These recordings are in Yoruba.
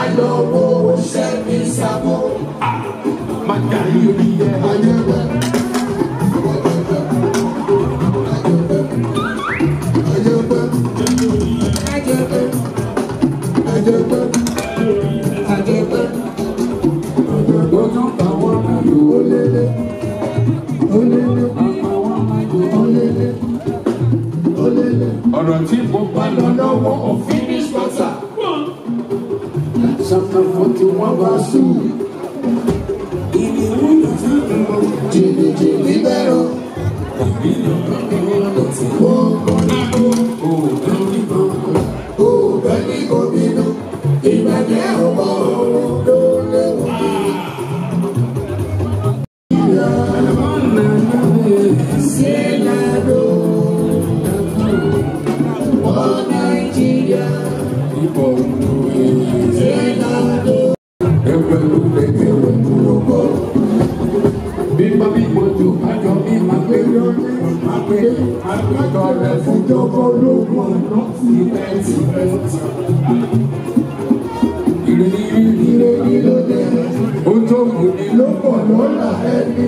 àlọ́wọ́ ṣẹ́ mi sábọ̀. Màgà yìí rí ẹ ayẹwẹ́. ọ̀rọ̀ tí mo bá lọ lọ́wọ́ òfin chapter 41 verse 2. Jìnnì jìnnì bẹ̀rù. Ó kọ́ni kó o bẹ́ni kó o bẹ́ni kó bínú. Ìbẹ̀jẹ̀ ọ̀pọ̀ òru. ẹgbẹ̀rún lẹ́gbẹ̀rún lọ́kọ́. Bí bábí ìbòjú àjọ mi máa gbé máa gbé àgbàjọ rẹ̀ fún jọ́kọ́ lógún ọ̀nà sí ẹ̀sì ẹ̀sì. Ìrìnrìn ìrìnrìn ló dé, ó tó kù ní lọ́pọ̀ lọ́la ẹni.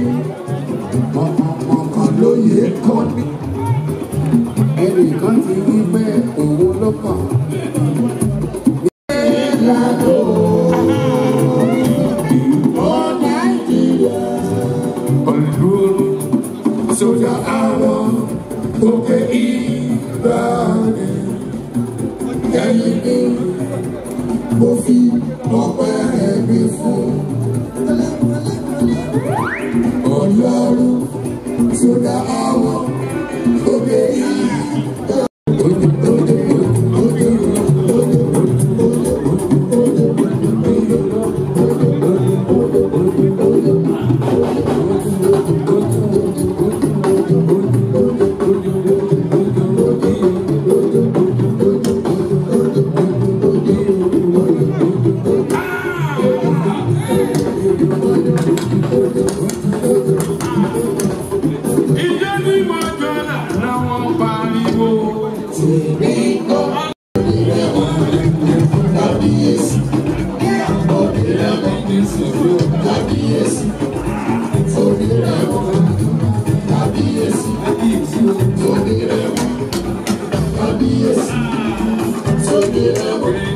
gba àwọn òkè ìgbàanì ẹ̀yìn ni mo fi ọpẹ́ ẹ̀mí fún. Ọlọ́run tó dá àwọn. Tóbi rẹ̀ wọ́n, kábíyèsí, tóbi rẹ̀ wọ́n.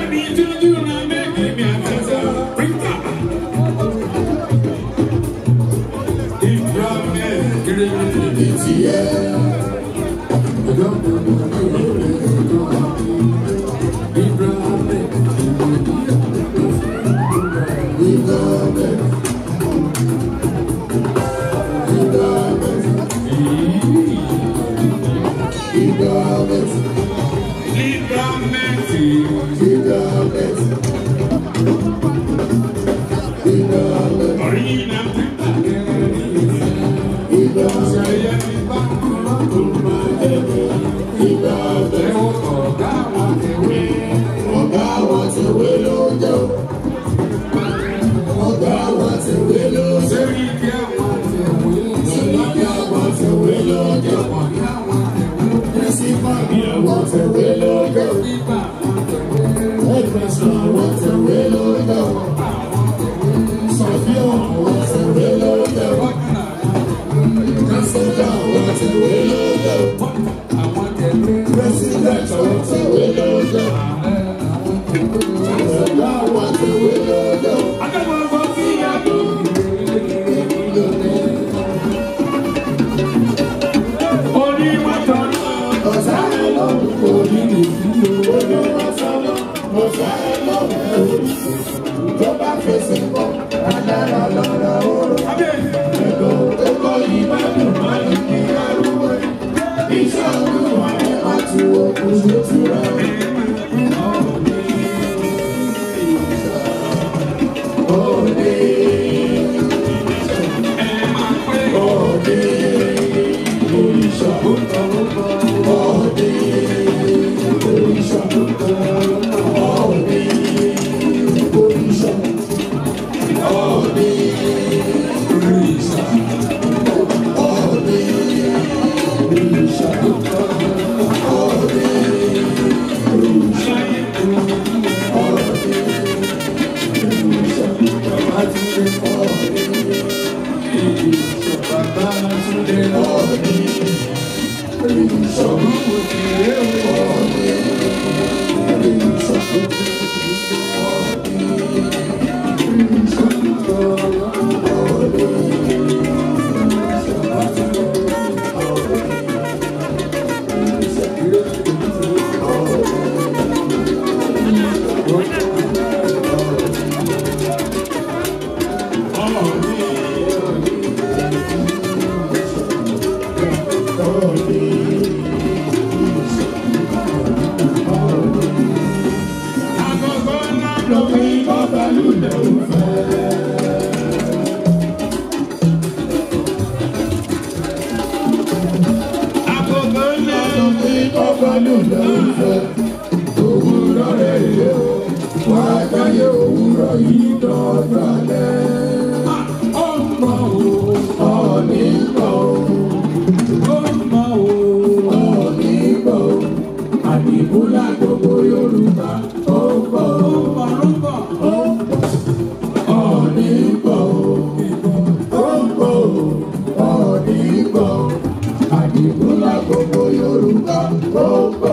lọ́dún kò ní lè fi owó ní mọ́sánná mo fẹ́ lọ́dún kò ní lè fi tó bá fèsì pọ̀ adára lọ́ra oró ètò kókó yìí má dùn má dùn ní arúgbó iṣẹ́ ọdún wà ní àtiwọ́ kò ní tura. lẹ̀ ń fẹ́ òwúrọ̀ rẹ̀ yẹ wá táyé òwúrọ̀ yìí dọ́gba. gbogbo Yorùbá gbogbo.